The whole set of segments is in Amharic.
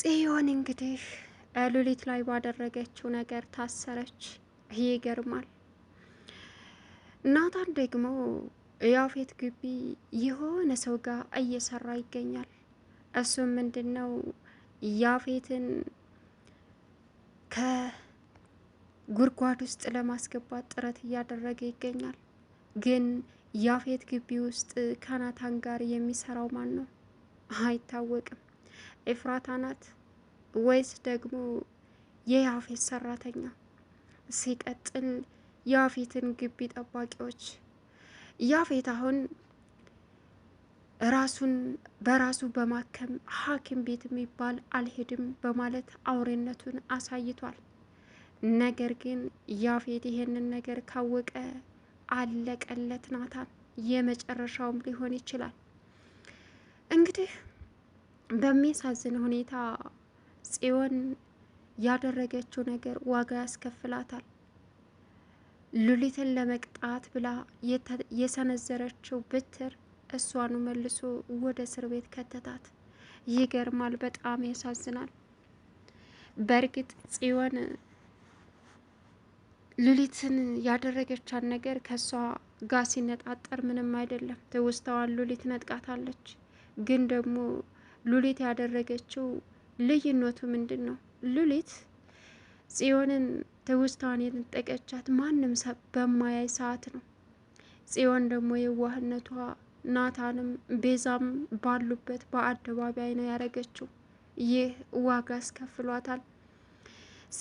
ጽዮን እንግዲህ ሉሊት ላይ ባደረገችው ነገር ታሰረች። ይገርማል። ናታን ደግሞ ያፌት ግቢ የሆነ ሰው ጋር እየሰራ ይገኛል። እሱም ምንድን ነው ያፌትን ከጉድጓድ ውስጥ ለማስገባት ጥረት እያደረገ ይገኛል። ግን ያፌት ግቢ ውስጥ ከናታን ጋር የሚሰራው ማን ነው አይታወቅም። ኤፍራታ ናት ወይስ ደግሞ የያፌት ሰራተኛ? ሲቀጥል ያፌትን ግቢ ጠባቂዎች። ያፌት አሁን ራሱን በራሱ በማከም ሐኪም ቤት የሚባል አልሄድም በማለት አውሬነቱን አሳይቷል። ነገር ግን ያፌት ይሄንን ነገር ካወቀ አለቀለት ናታን፣ የመጨረሻውም ሊሆን ይችላል እንግዲህ በሚያሳዝን ሁኔታ ጽዮን ያደረገችው ነገር ዋጋ ያስከፍላታል። ሉሊትን ለመቅጣት ብላ የሰነዘረችው ብትር እሷኑ መልሶ ወደ እስር ቤት ከተታት። ይገርማል። በጣም ያሳዝናል። በእርግጥ ጽዮን ሉሊትን ያደረገቻት ነገር ከእሷ ጋር ሲነጣጠር ምንም አይደለም። ትውስታዋን ሉሊት ነጥቃታለች፣ ግን ደግሞ ሉሊት ያደረገችው ልዩነቱ ምንድን ነው? ሉሊት ጽዮንን ትውስታዋን የነጠቀቻት ማንም በማያይ ሰዓት ነው። ጽዮን ደግሞ የዋህነቷ ናታንም ቤዛም ባሉበት በአደባባይ ነው ያደረገችው። ይህ ዋጋ አስከፍሏታል።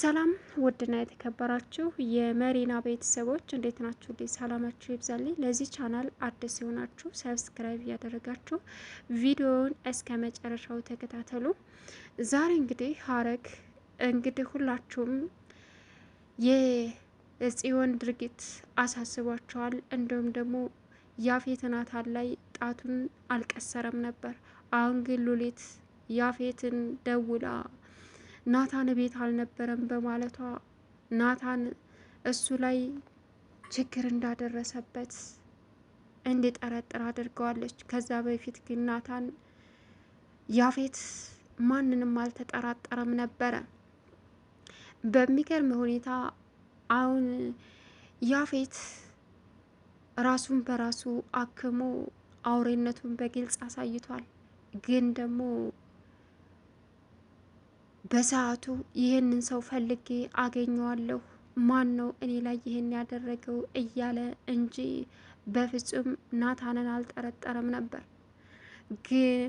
ሰላም ውድና የተከበራችሁ የመሪና ቤተሰቦች እንዴት ናችሁ? ልጅ ሰላማችሁ ይብዛልኝ። ለዚህ ቻናል አዲስ የሆናችሁ ሰብስክራይብ እያደረጋችሁ ቪዲዮውን እስከ መጨረሻው ተከታተሉ። ዛሬ እንግዲህ ሀረግ እንግዲህ ሁላችሁም የጽዮን ድርጊት አሳስቧቸዋል። እንዲሁም ደግሞ ያፌት ናታን ላይ ጣቱን አልቀሰረም ነበር። አሁን ግን ሉሊት ያፌትን ደውላ ናታን ቤት አልነበረም በማለቷ ናታን እሱ ላይ ችግር እንዳደረሰበት እንዲጠረጥር አድርገዋለች። ከዛ በፊት ግን ናታን ያፌት ማንንም አልተጠራጠረም ነበረ። በሚገርም ሁኔታ አሁን ያፌት ራሱን በራሱ አክሞ አውሬነቱን በግልጽ አሳይቷል። ግን ደግሞ በሰዓቱ ይህንን ሰው ፈልጌ አገኘዋለሁ። ማን ነው እኔ ላይ ይህን ያደረገው እያለ እንጂ በፍጹም ናታንን አልጠረጠረም ነበር ግን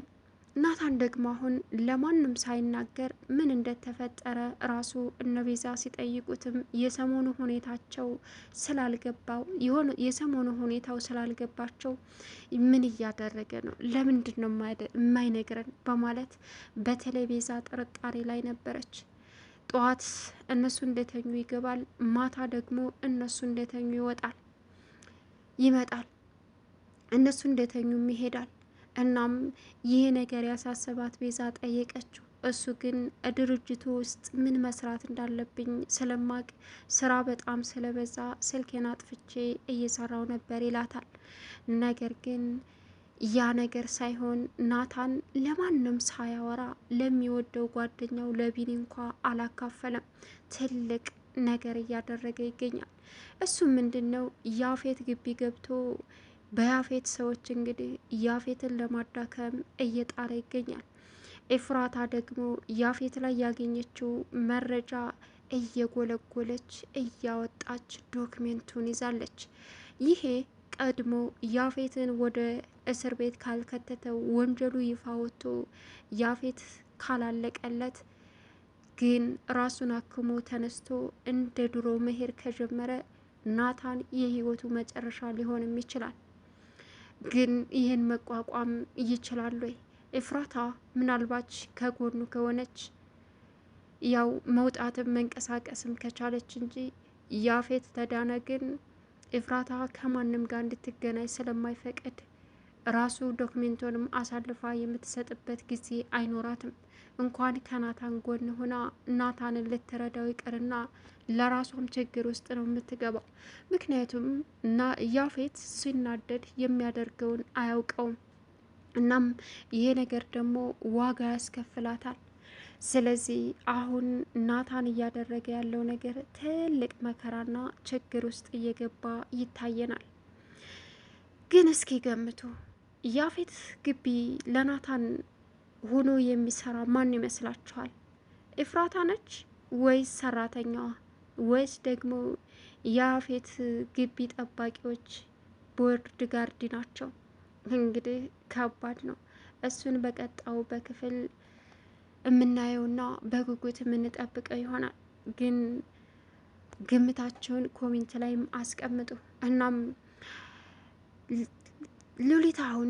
ናታን ደግሞ አሁን ለማንም ሳይናገር ምን እንደተፈጠረ ራሱ እነ ቤዛ ሲጠይቁትም የሰሞኑ ሁኔታቸው ስላልገባው የሰሞኑ ሁኔታው ስላልገባቸው ምን እያደረገ ነው፣ ለምንድን ነው የማይነግረን በማለት በተለይ ቤዛ ጥርጣሬ ላይ ነበረች። ጠዋት እነሱ እንደተኙ ይገባል፣ ማታ ደግሞ እነሱ እንደተኙ ይወጣል ይመጣል፣ እነሱ እንደተኙም ይሄዳል። እናም ይህ ነገር ያሳሰባት ቤዛ ጠየቀችው። እሱ ግን ድርጅቱ ውስጥ ምን መስራት እንዳለብኝ ስለማቅ ስራ በጣም ስለበዛ ስልኬን አጥፍቼ እየሰራው ነበር ይላታል። ነገር ግን ያ ነገር ሳይሆን ናታን ለማንም ሳያወራ ለሚወደው ጓደኛው ለቢኒ እንኳ አላካፈለም። ትልቅ ነገር እያደረገ ይገኛል። እሱም ምንድን ነው ያፌት ግቢ ገብቶ በያፌት ሰዎች እንግዲህ ያፌትን ለማዳከም እየጣረ ይገኛል። ኤፍራታ ደግሞ ያፌት ላይ ያገኘችው መረጃ እየጎለጎለች እያወጣች ዶክሜንቱን ይዛለች። ይሄ ቀድሞ ያፌትን ወደ እስር ቤት ካልከተተው ወንጀሉ ይፋ ወጥቶ ያፌት ካላለቀለት ግን ራሱን አክሞ ተነስቶ እንደ ድሮ መሄድ ከጀመረ ናታን የህይወቱ መጨረሻ ሊሆንም ይችላል። ግን ይህን መቋቋም ይችላል ወይ? ኤፍራታ ምናልባች ከጎኑ ከሆነች ያው መውጣትም መንቀሳቀስም ከቻለች እንጂ ያፌት ተዳነ ግን ኤፍራታ ከማንም ጋር እንድትገናኝ ስለማይፈቅድ ራሱ ዶክሜንቶንም አሳልፋ የምትሰጥበት ጊዜ አይኖራትም። እንኳን ከናታን ጎን ሆና ናታንን ልትረዳው ይቅርና ለራሷም ችግር ውስጥ ነው የምትገባው። ምክንያቱም ያፌት ሲናደድ የሚያደርገውን አያውቀውም። እናም ይሄ ነገር ደግሞ ዋጋ ያስከፍላታል። ስለዚህ አሁን ናታን እያደረገ ያለው ነገር ትልቅ መከራና ችግር ውስጥ እየገባ ይታየናል። ግን እስኪ ገምቱ ያፌት ግቢ ለናታን ሆኖ የሚሰራ ማን ይመስላችኋል? ኤፍራታ ነች ወይስ ሰራተኛዋ ወይስ ደግሞ ያፌት ግቢ ጠባቂዎች ቦርድ ጋርድ ናቸው? እንግዲህ ከባድ ነው። እሱን በቀጣው በክፍል የምናየውና በጉጉት የምንጠብቀው ይሆናል። ግን ግምታቸውን ኮሜንት ላይም አስቀምጡ እናም ሉሊት አሁን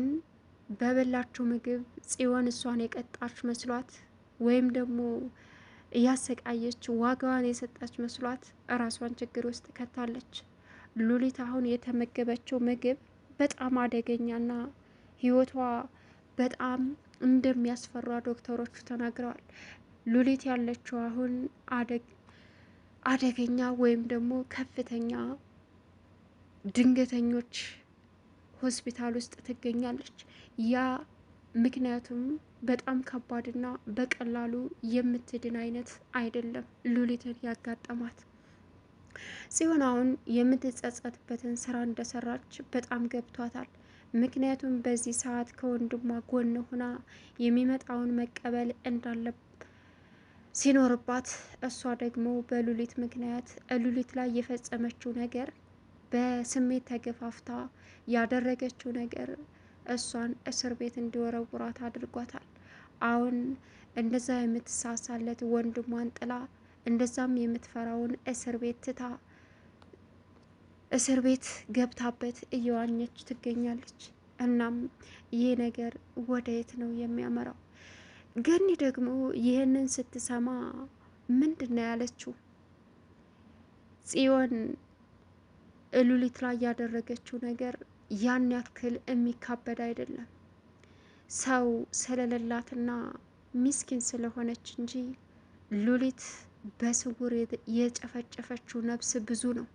በበላችው ምግብ ጽዮን እሷን የቀጣች መስሏት ወይም ደግሞ እያሰቃየች ዋጋዋን የሰጣች መስሏት እራሷን ችግር ውስጥ ከታለች። ሉሊት አሁን የተመገበችው ምግብ በጣም አደገኛና ህይወቷ በጣም እንደሚያስፈራ ዶክተሮቹ ተናግረዋል። ሉሊት ያለችው አሁን አደገኛ ወይም ደግሞ ከፍተኛ ድንገተኞች ሆስፒታል ውስጥ ትገኛለች። ያ ምክንያቱም በጣም ከባድና በቀላሉ የምትድን አይነት አይደለም ሉሊትን ያጋጠማት። ሲሆን አሁን የምትጸጸትበትን ስራ እንደሰራች በጣም ገብቷታል። ምክንያቱም በዚህ ሰዓት ከወንድሟ ጎን ሆና የሚመጣውን መቀበል እንዳለ ሲኖርባት እሷ ደግሞ በሉሊት ምክንያት ሉሊት ላይ የፈጸመችው ነገር በስሜት ተገፋፍታ ያደረገችው ነገር እሷን እስር ቤት እንዲወረውራት አድርጓታል። አሁን እንደዛ የምትሳሳለት ወንድሟን ጥላ እንደዛም የምትፈራውን እስር ቤት ትታ እስር ቤት ገብታበት እየዋኘች ትገኛለች። እናም ይህ ነገር ወደ የት ነው የሚያመራው? ገኒ ደግሞ ይህንን ስትሰማ ምንድን ነው ያለችው ጽዮን ሉሊት ላይ ያደረገችው ነገር ያን ያክል የሚካበድ አይደለም። ሰው ስለሌላትና ሚስኪን ስለሆነች እንጂ ሉሊት በስውር የጨፈጨፈችው ነፍስ ብዙ ነው።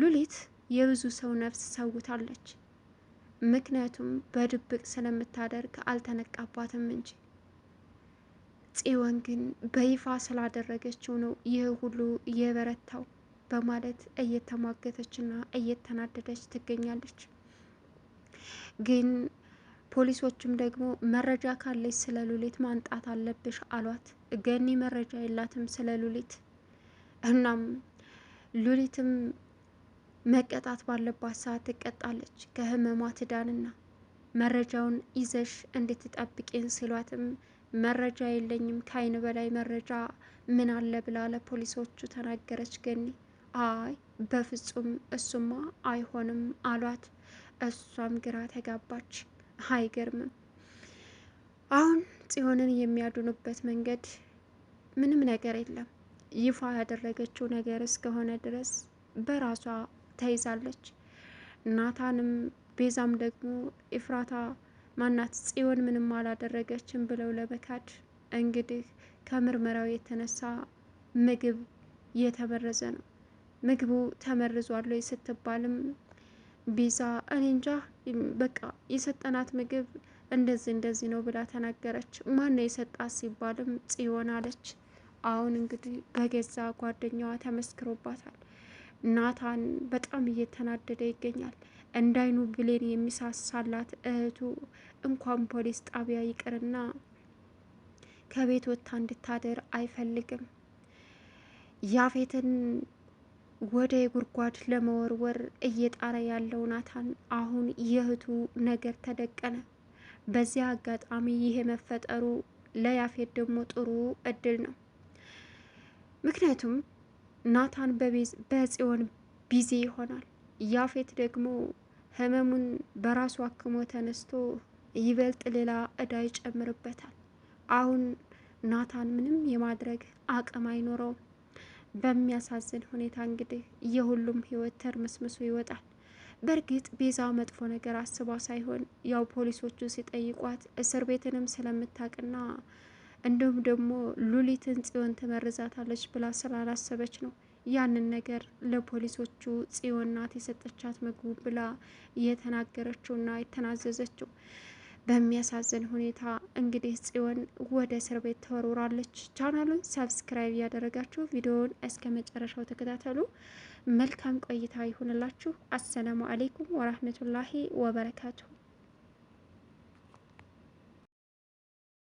ሉሊት የብዙ ሰው ነፍስ ሰውታለች። ምክንያቱም በድብቅ ስለምታደርግ አልተነቃባትም እንጂ ጽዮን ግን በይፋ ስላደረገችው ነው ይህ ሁሉ የበረታው። በማለት እየተሟገተችና እየተናደደች ትገኛለች። ግን ፖሊሶችም ደግሞ መረጃ ካለች ስለ ሉሊት ማንጣት አለብሽ አሏት። ገኒ መረጃ የላትም ስለ ሉሊት። እናም ሉሊትም መቀጣት ባለባት ሰዓት ትቀጣለች ከህመሟ ትዳንና መረጃውን ይዘሽ እንድትጠብቂን ሲሏትም መረጃ የለኝም ከአይን በላይ መረጃ ምን አለ ብላ ለፖሊሶቹ ተናገረች ገኒ አይ በፍጹም እሱማ አይሆንም አሏት። እሷም ግራ ተጋባች። አይገርምም። አሁን ጽዮንን የሚያድኑበት መንገድ ምንም ነገር የለም። ይፋ ያደረገችው ነገር እስከሆነ ድረስ በራሷ ተይዛለች። ናታንም ቤዛም ደግሞ ኢፍራታ ማናት ጽዮን ምንም አላደረገችም ብለው ለመካድ እንግዲህ ከምርመራው የተነሳ ምግብ እየተበረዘ ነው። ምግቡ ተመርዟል ወይ ስትባልም ቢዛ እኔ እንጃ በቃ የሰጠናት ምግብ እንደዚህ እንደዚህ ነው ብላ ተናገረች። ነው የሰጣት ሲባልም ጽዮን አለች። አሁን እንግዲህ በገዛ ጓደኛዋ ተመስክሮባታል። ናታን በጣም እየተናደደ ይገኛል። እንዳይኑ ብሌን የሚሳሳላት እህቱ እንኳን ፖሊስ ጣቢያ ይቅርና ከቤት ወጥታ እንድታደር አይፈልግም። ያፌትን ወደ ጉድጓድ ለመወርወር እየጣረ ያለው ናታን አሁን የእህቱ ነገር ተደቀነ። በዚያ አጋጣሚ ይሄ መፈጠሩ ለያፌት ደግሞ ጥሩ እድል ነው። ምክንያቱም ናታን በጽዮን ቢዚ ይሆናል። ያፌት ደግሞ ህመሙን በራሱ አክሞ ተነስቶ ይበልጥ ሌላ እዳ ይጨምርበታል። አሁን ናታን ምንም የማድረግ አቅም አይኖረውም። በሚያሳዝን ሁኔታ እንግዲህ የሁሉም ህይወት ተርምስምሶ ይወጣል። በእርግጥ ቤዛ መጥፎ ነገር አስባ ሳይሆን ያው ፖሊሶቹ ሲጠይቋት እስር ቤትንም ስለምታውቅና እንዲሁም ደግሞ ሉሊትን ጽዮን ትመርዛታለች ብላ ስላላሰበች ነው ያንን ነገር ለፖሊሶቹ ጽዮን ናት የሰጠቻት ምግቡ ብላ የተናገረችውና የተናዘዘችው። በሚያሳዝን ሁኔታ እንግዲህ ጽዮን ወደ እስር ቤት ተወርውራለች። ቻናሉን ሰብስክራይብ ያደረጋችሁ ቪዲዮውን እስከ መጨረሻው ተከታተሉ። መልካም ቆይታ ይሁንላችሁ። አሰላሙ አሌይኩም ወራህመቱላሂ ወበረካቱሁ